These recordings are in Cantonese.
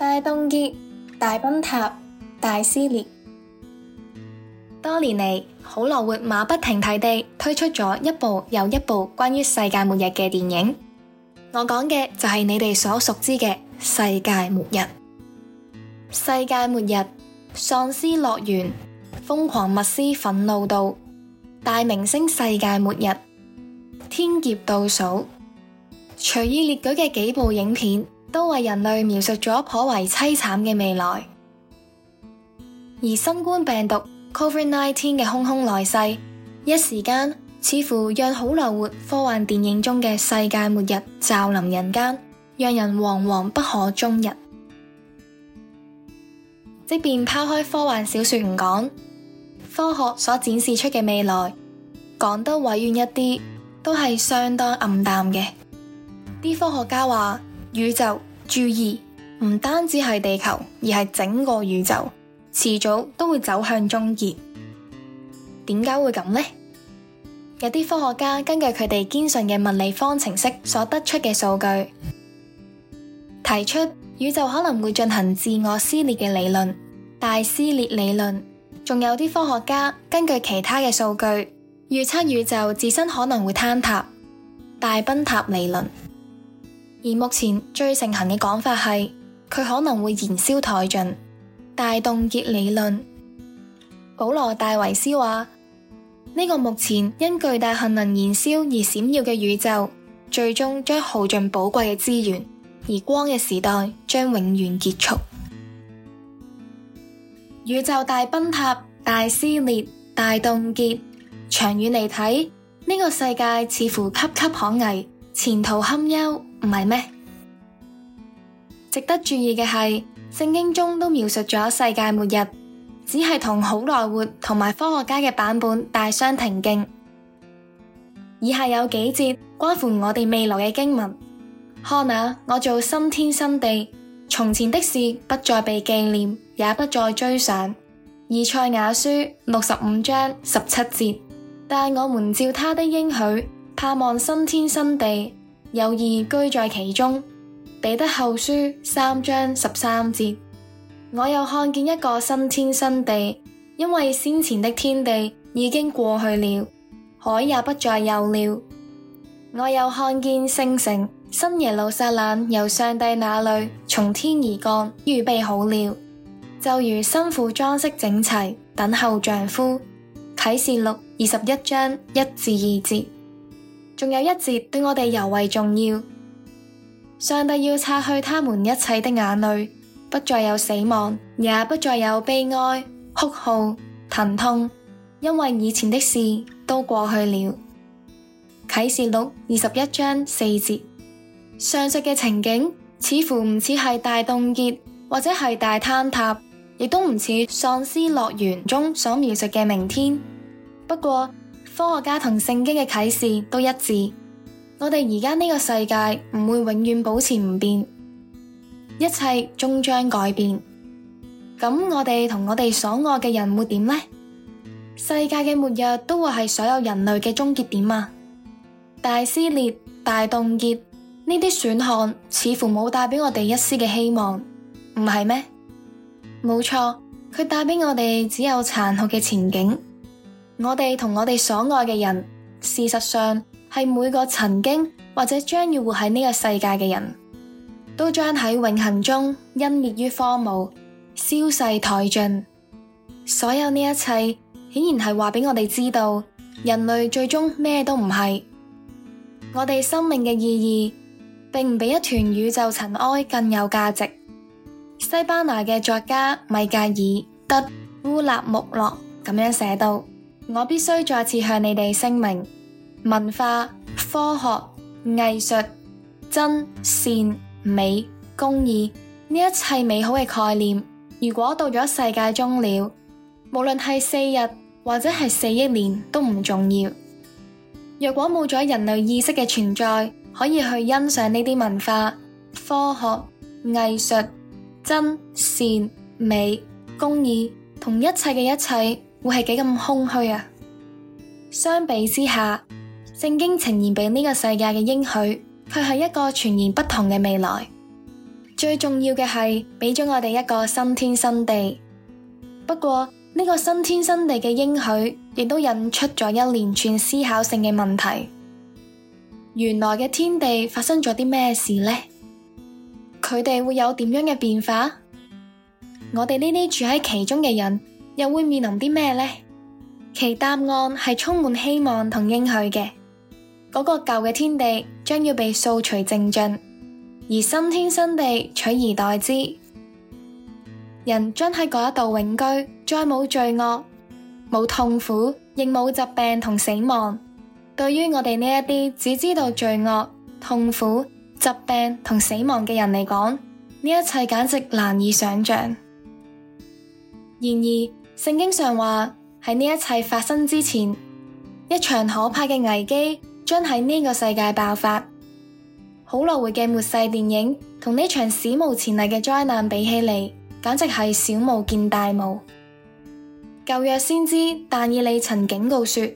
大凍結、大崩塌、大撕裂，多年嚟，好萊塢馬不停蹄地推出咗一部又一部關於世界末日嘅電影。我講嘅就係你哋所熟知嘅世界末日、世界末日、喪屍樂園、瘋狂密斯、憤怒道、大明星世界末日、天劫倒數，隨意列舉嘅幾部影片。都為人類描述咗頗為淒慘嘅未來，而新冠病毒 Covid-19 嘅凶凶來勢，一時間似乎約好留活科幻電影中嘅世界末日降臨人間，讓人惶惶不可終日。即便拋開科幻小說唔講，科學所展示出嘅未來，講得委婉一啲，都係相當暗淡嘅。啲科學家話。宇宙注意，唔單止係地球，而係整個宇宙，遲早都會走向終結。點解會咁呢？有啲科學家根據佢哋堅信嘅物理方程式所得出嘅數據，提出宇宙可能會進行自我撕裂嘅理論——大撕裂理論。仲有啲科學家根據其他嘅數據，預測宇宙自身可能會坍塌——大崩塌理論。而目前最盛行嘅講法係佢可能會燃燒殆盡、大凍結理論。保羅·戴維斯話：呢、這個目前因巨大核能燃燒而閃耀嘅宇宙，最終將耗盡寶貴嘅資源，而光嘅時代將永遠結束。宇宙大崩塌、大撕裂、大凍結，長遠嚟睇，呢個世界似乎岌岌可危，前途堪憂。唔係咩？值得注意嘅係，聖經中都描述咗世界末日，只係同好萊塢同埋科學家嘅版本大相庭徑。以下有幾節關乎我哋未來嘅經文。看啊，我做新天新地，從前的事不再被紀念，也不再追想。以賽亞書六十五章十七節。但我們照他的應許，盼望新天新地。有義居在其中，彼得後書三章十三節。我又看見一個新天新地，因為先前的天地已經過去了，海也不再有了。我又看見聖城新耶路撒冷由上帝那裡從天而降，預備好了，就如新婦裝飾整齊，等候丈夫。啟示錄二十一章一至二節。仲有一節對我哋尤為重要，上帝要擦去他們一切的眼淚，不再有死亡，也不再有悲哀、哭號、疼痛，因為以前的事都過去了。啟示錄二十一章四節，上述嘅情景似乎唔似係大凍結或者係大坍塌，亦都唔似喪屍樂園中所描述嘅明天。不過，科學家同聖經嘅啟示都一致，我哋而家呢個世界唔會永遠保持唔變，一切終將改變。咁我哋同我哋所愛嘅人會點呢？世界嘅末日都會係所有人類嘅終結點啊！大撕裂、大凍結，呢啲選項似乎冇帶俾我哋一絲嘅希望，唔係咩？冇錯，佢帶畀我哋只有殘酷嘅前景。我哋同我哋所愛嘅人，事實上係每個曾經或者將要活喺呢個世界嘅人，都將喺永恒中湮滅於荒蕪，消逝殆盡。所有呢一切，顯然係話畀我哋知道，人類最終咩都唔係。我哋生命嘅意義，並唔比一團宇宙塵埃更有價值，西班牙嘅作家米格爾·德·烏納穆諾咁樣寫道。我必須再次向你哋聲明：文化、科學、藝術、真、善、美、公義，呢一切美好嘅概念，如果到咗世界終了，無論係四日或者係四億年都唔重要。若果冇咗人類意識嘅存在，可以去欣賞呢啲文化、科學、藝術、真、善、美、公義，同一切嘅一切。會係幾咁空虛啊！相比之下，聖經呈現俾呢個世界嘅應許，佢係一個全然不同嘅未來。最重要嘅係俾咗我哋一個新天新地。不過呢個新天新地嘅應許，亦都引出咗一連串思考性嘅問題。原來嘅天地發生咗啲咩事呢？佢哋會有點樣嘅變化？我哋呢啲住喺其中嘅人，又會面臨啲咩呢？其答案係充滿希望同應許嘅。嗰個舊嘅天地將要被掃除淨盡，而新天新地取而代之。人將喺嗰一度永居，再冇罪惡、冇痛苦，亦冇疾病同死亡。對於我哋呢一啲只知道罪惡、痛苦、疾病同死亡嘅人嚟講，呢一切簡直難以想象。然而。聖經上話，喺呢一切發生之前，一場可怕嘅危機將喺呢個世界爆發。好萊塢嘅末世電影同呢場史無前例嘅災難比起嚟，簡直係小巫見大巫。舊約先知但以理曾警告說，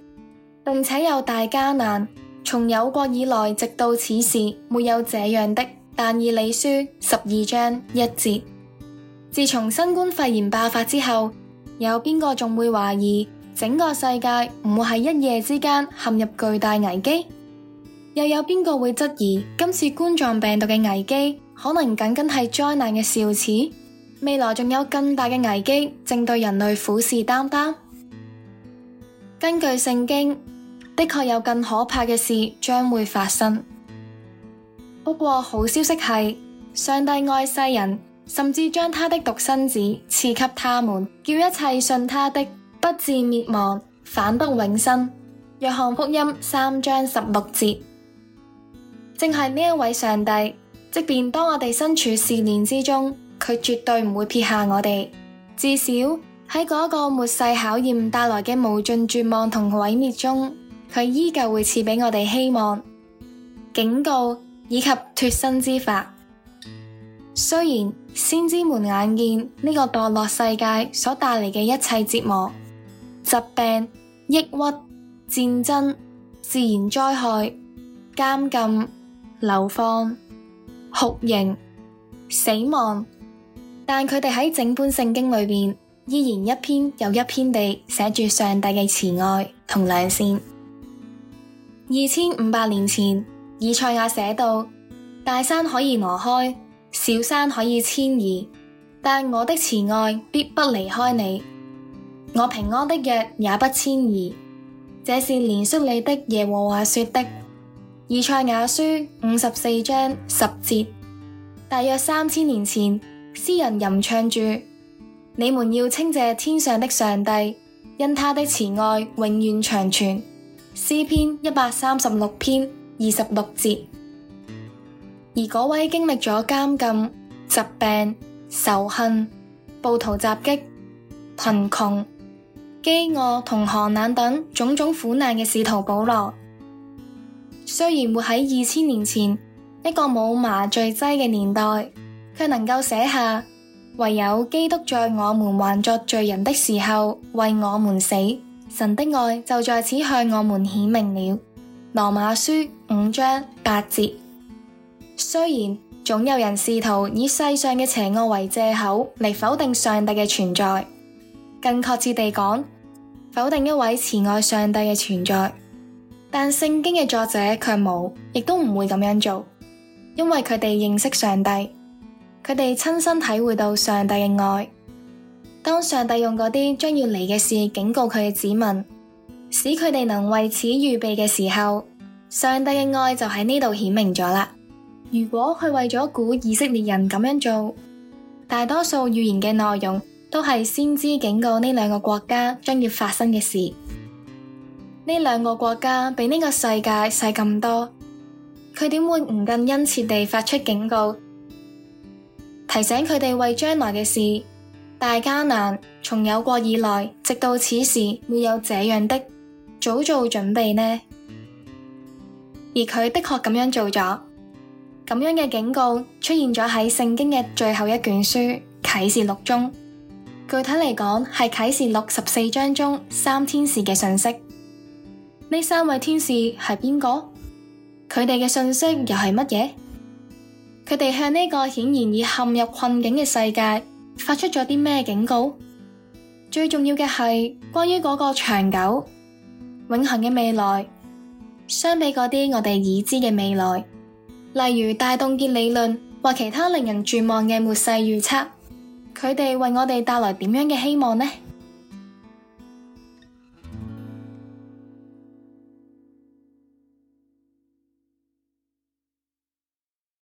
並且有大艱難，從有國以來直到此時沒有這樣的。但以理書十二章一節。自從新冠肺炎爆發之後。有邊個仲會懷疑整個世界唔會喺一夜之間陷入巨大危機？又有邊個會質疑今次冠狀病毒嘅危機可能僅僅係災難嘅肇始？未來仲有更大嘅危機正對人類虎視眈眈？根據聖經，的確有更可怕嘅事將會發生。不過好消息係，上帝愛世人。甚至將他的獨生子賜給他們，叫一切信他的不至滅亡，反得永生。約翰福音三章十六節，正係呢一位上帝。即便當我哋身處試煉之中，佢絕對唔會撇下我哋。至少喺嗰個末世考驗帶來嘅無盡絕望同毀滅中，佢依舊會賜俾我哋希望、警告以及脱身之法。雖然先知們眼見呢個墮落世界所帶嚟嘅一切折磨、疾病、抑鬱、戰爭、自然災害、監禁、流放、酷刑、死亡，但佢哋喺整本聖經裏面依然一篇又一篇地寫住上帝嘅慈愛同良善。二千五百年前，以賽亞寫道：大山可以挪開，小山可以遷移，但我的慈愛必不離開你。我平安的約也不遷移。這是憐恤你的耶和華說的。以賽亞書五十四章十節。大約三千年前，詩人吟唱住：你們要稱謝天上的上帝，因他的慈愛永遠長存。詩篇一百三十六篇二十六節。而嗰位經歷咗監禁、疾病、仇恨、暴徒襲擊、貧窮、饑餓同寒冷等種種苦難嘅使徒保羅，雖然活喺二千年前一個冇麻醉劑嘅年代，卻能夠寫下，唯有基督在我們還作罪人的時候為我們死，神的愛就在此向我們顯明了。羅馬書五章八節。雖然總有人試圖以世上嘅邪惡為借口嚟，否定上帝嘅存在，更確切地講，否定一位慈愛上帝嘅存在，但聖經嘅作者卻冇，亦都唔會咁樣做，因為佢哋認識上帝，佢哋親身體會到上帝嘅愛。當上帝用嗰啲將要嚟嘅事警告佢嘅子民，使佢哋能為此預備嘅時候，上帝嘅愛就喺呢度顯明咗啦。如果佢為咗古以色列人咁樣做，大多數預言嘅內容都係先知警告呢兩個國家將要發生嘅事。呢兩個國家比呢個世界細咁多，佢點會唔更殷切地發出警告，提醒佢哋為將來嘅事大艱難？從有國以來，直到此時，沒有這樣的早做準備呢？而佢的確咁樣做咗。咁樣嘅警告出現咗喺聖經嘅最後一卷書啟示錄中，具體嚟講係啟示錄十四章中三天使嘅信息。呢三位天使係邊個？佢哋嘅信息又係乜嘢？佢哋向呢個顯然已陷入困境嘅世界發出咗啲咩警告？最重要嘅係關於嗰個長久、永恆嘅未來，相比嗰啲我哋已知嘅未來。例如大凍結理論或其他令人絕望嘅末世預測，佢哋為我哋帶來點樣嘅希望呢？